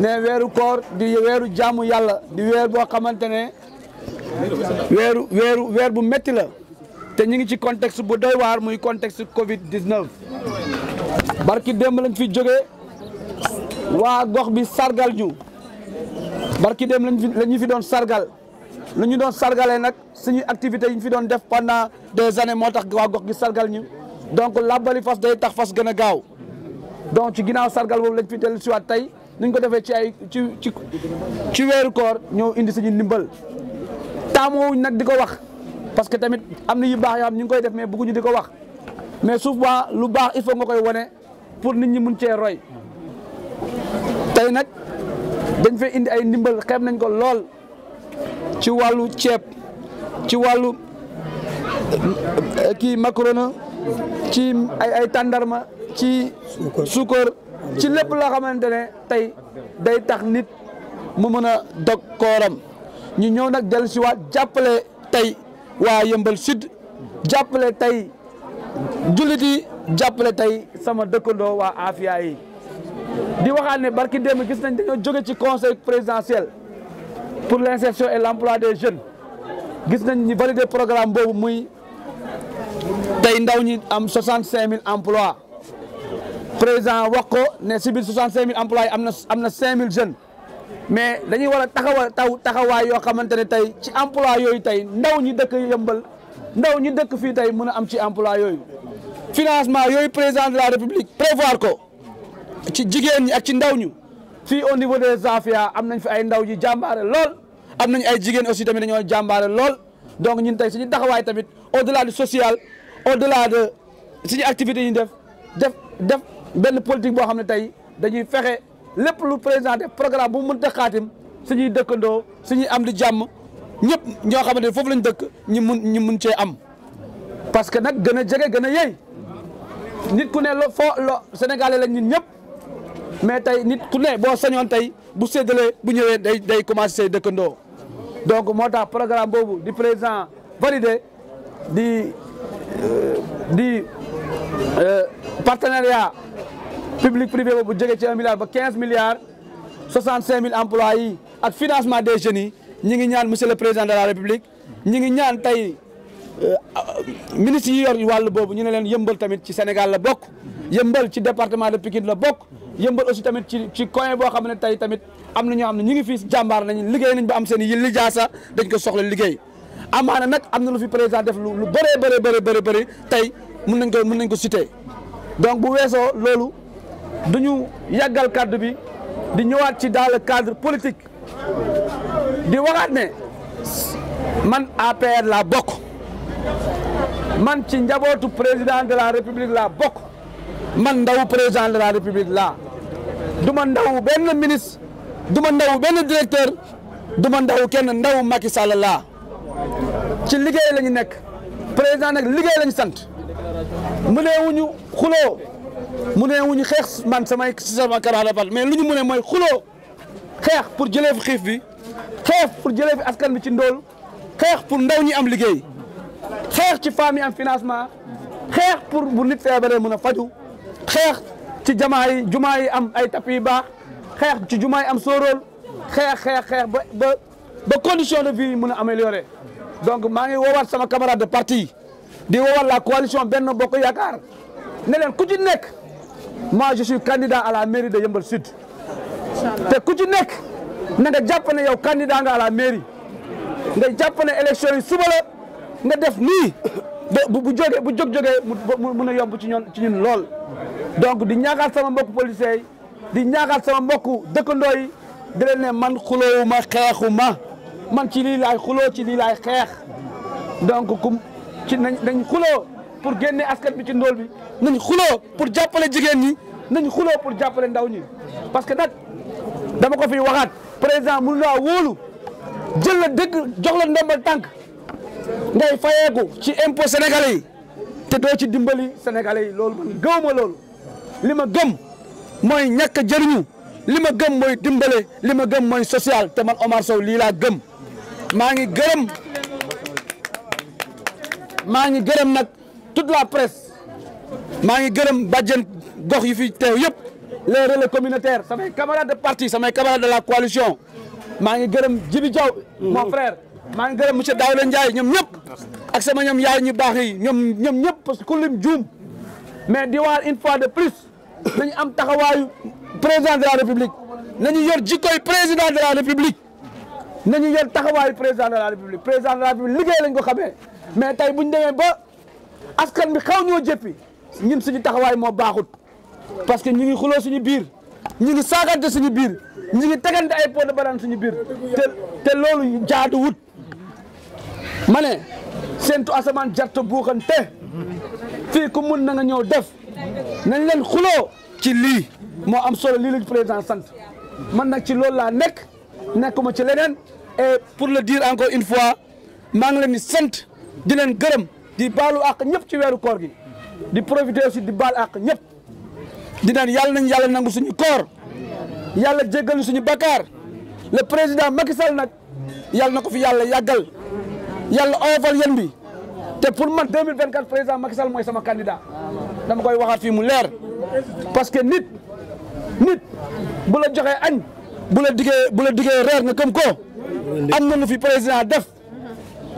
ne weeru koor di weeru jaamu yàlla di weer boo xamante ne weeru weeru weer bu metti la te ñu ngi ci contexte bu doy waar muy contexte Covid 19. barki démb lañ fi jóge waa gox bi sargal ñu barki dem lañ fi lañu fi doon sargal lañu doon sargalee nag suñuy activités yi ñu fi doon def pendant des années moo tax waa gox bi sargal ñu donc làbbali fas day tax fas gën a gaaw donc ci ginnaaw sargal boobu lañ fi dellu siwaat tey. niñ ko defee ci ay ci ci weeru koor ñoo indi suñu ndimbal taamoowuñ nag di ko wax parce que tamit am na yu baax yoo xam ñu ngi koy def mais bëgguñu di ko wax mais souvent lu baax il faut nga koy wane pour nit ñi mun cee roy tey nag dañ fee indi ay ndimbal xeeb nañ ko lool ci wàllu ceeb ci wàllu kii macaroni ci ay ay tàndarma ci suukar ci lépp la xamante ne tey day tax nit mu mën a dog kooram ñu ñëw nag dellu si jàppale tey waa Yëmbal Sud jàppale tey jullit yi jàppale tey sama dëkkandoo waa Afia yi di waxaat ne barki démb gis nañ dañoo jóge ci conseil présidentiel pour l'insertion et l'emploi des jeunes gis nañ ñu valider programme boobu muy tey ndaw ñi am soixante cinq mille emplois président wax ko ne si biir 65000 employés am na am na 5000 jeunes mais dañuy war a taxawal taw taxawaay yoo xamante ne tey ci emploi yooyu tey ndaw ñi dëkk yëmbal ndaw ñi dëkk fii tey mun a am ci emploi yooyu financement yooyu président de la république prévoir ko ci jigéen ñi ak ci ndaw ñu fii au niveau des Zafia am nañ fi ay ndaw ji jàmbaare lool am nañ ay jigéen aussi tamit dañoo jàmbaare lool donc ñun tey suñu taxawaay tamit au delà du social au delà de suñu activité yi ñu def def def benn politique boo xam ne tey dañuy fexe lépp lu présenté programme bu mu mënta xaatim suñuy dëkkandoo suñuy am di jàmm ñëpp ñoo xam ne foofu lañ dëkk ñi mun ñu mun cee am parce que nag gën a jege gën a yey nit ku ne lo foo lo sénégalais lañ ñëpp mais tey nit ku ne boo sañoon tey bu séddalee bu ñëwee day day commencé say dëkkandoo donc moo tax programme boobu di président validé di euh, di euh, partenariat public privé boobu jógee ci un milliard ba quinze milliards soixante cinq mille emplois yi ak financement des jeunes yi ñi ngi ñaan monsieur le président de la république ñi ngi ñaan tey euh, ministre yi yor wàll boobu ñu ne leen yëmbal tamit ci Sénégal la bokk yëmbal ci département de Pikine la bokk yëmbal aussi tamit ci ci coin boo xam ne tey tamit am na ñoo xam ne ñu ngi fii jàmbaar nañu liggéey nañ ba am seen yi lijaasa dañ ko soxla liggéey amaana nag am na lu fi président def lu bëree bëri bëri bëri bëri tey mun nañ ko mun nañ ko citer donc weesoo loolu duñu yàggal kàddu bi di ñëwaat ci dans le cadre politique di waxaat ne man APR la bokk man ci njabootu président de la république la bokk man ndaw président de la république la du ma ndaw benn ministre du ma ndaw benn directeur du ma ndaw kenn ndaw Macky la ci liggéey lañu nekk président nag liggéey la ñu sant mu neewuñu xuloo mu ne wuñu xeex man samay si sama karaada bal mais lu ñu mu ne mooy xuloo xeex pour jëlee fi xiif bi xeex pour jëlee fi askan bi ci ndóol xeex pour ndaw ñi am liggéey xeex ci femmes yi am financement xeex pour bu nit feebaree mën a faju xeex ci jamaa yi jumaa yi am ay tapis yu baax xeex ci jumaa yi am sóoróol xeex xeex ba ba ba condition de vie yi mën a améliorer donc maa ngi woowaat sama camarade de parti di woowaat la coalition Benno Bokk Yaakaar ne leen ku ci nekk moi je suis candidat la mairie de Yeumbeul Sud te ku ci nekk na nga jàpp ne yow candidat nga à la mairie nga jàpp ne élection yi nga def nii bu bu jógee bu jóg-jógee mu mun a yomb ci ñoon ci ñun lool donc di ñaaxaat sama mbokku policiers yi di ñaaxaat sama mbokku dëkkandoo yi di leen ne man xuloowuma xeexuma man ci lii laay xuloo ci lii laay xeex donc kum ci nañ nañ xuloo pour génne askan bi ci ndool bi nañ xuloo pour jàppale jigéen ñi nañu xuloo pour jàppale ndaw ñi parce que nag dama ko fi waxaat président mënu laa wóolu jël la dëkk jox la ndombal tànk ngay fayeeku ci impôt sénégalais te doo ci dimbali sénégalais lool loolu man gëwuma loolu li ma gëm mooy ñàkk a li ma gëm mooy dimbale li ma gëm mooy social te man Omar Sow lii laa gëm maa ngi gërëm ngi gërëm nag toute la presse maa ngi gërëm bàjjen gox yu fi teew yëpp les relais communautaires samay camarades de parti samay camarades de la coalition maa ngi gërëm Djibi Diaw mon mm. frère maa ngi gërëm monsieur Daouda Ndiaye ñoom ñëpp ak sama ñoom yaay ñu baax ñom ñoom ñoom ñëpp parce que ku lim juum mais di waar une fois de plus nañu am taxawaayu président de la république nañu yor jikkoy président de la république nañu yor taxawaayu président de la république président de la république liggéey lañ ko xamee mais tey bu ñu demee ba askan bi xaw ñoo jëppi ñun suñu taxawaay moo baaxut parce que ñu ngi xuloo suñu biir ñu ngi saagante suñu biir ñu ngi tegante ay pot de suñu biir te te loolu jaadu wut ma ne seentu asamaan jarte buuxante fii ku mun na nga ñëw def nañ leen xuloo ci lii moo am solo lii lañ président sant man nag ci loolu laa nekk nekk nekkuma ci leneen e pour le dire encore une fois maa ngi leen di sent di leen gërëm di baalu àq ñëpp ci weeru koor gi di profiter aussi di baal àq ñëpp di naan yàlla nañ yàlla nangu suñu koor yàlla jéggal suñu bakkaar le président Macky Sall nag yàlla na ko fi yàlla yàggal yàlla oyofal yéen bi te pour man 2024 président Macky Sall mooy sama candidat dama koy waxaat fii mu leer parce que nit nit bu la joxee añ bu la diggee bu la diggee reer nga gëm ko am na lu fi président def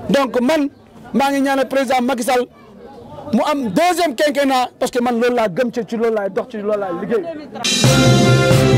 donc man maa ngi ñaanal président Macky Sall mu am deuxième quinquennat parce que man loolu laa gëm ci ci loolu laay dox ci loolu laay liggéey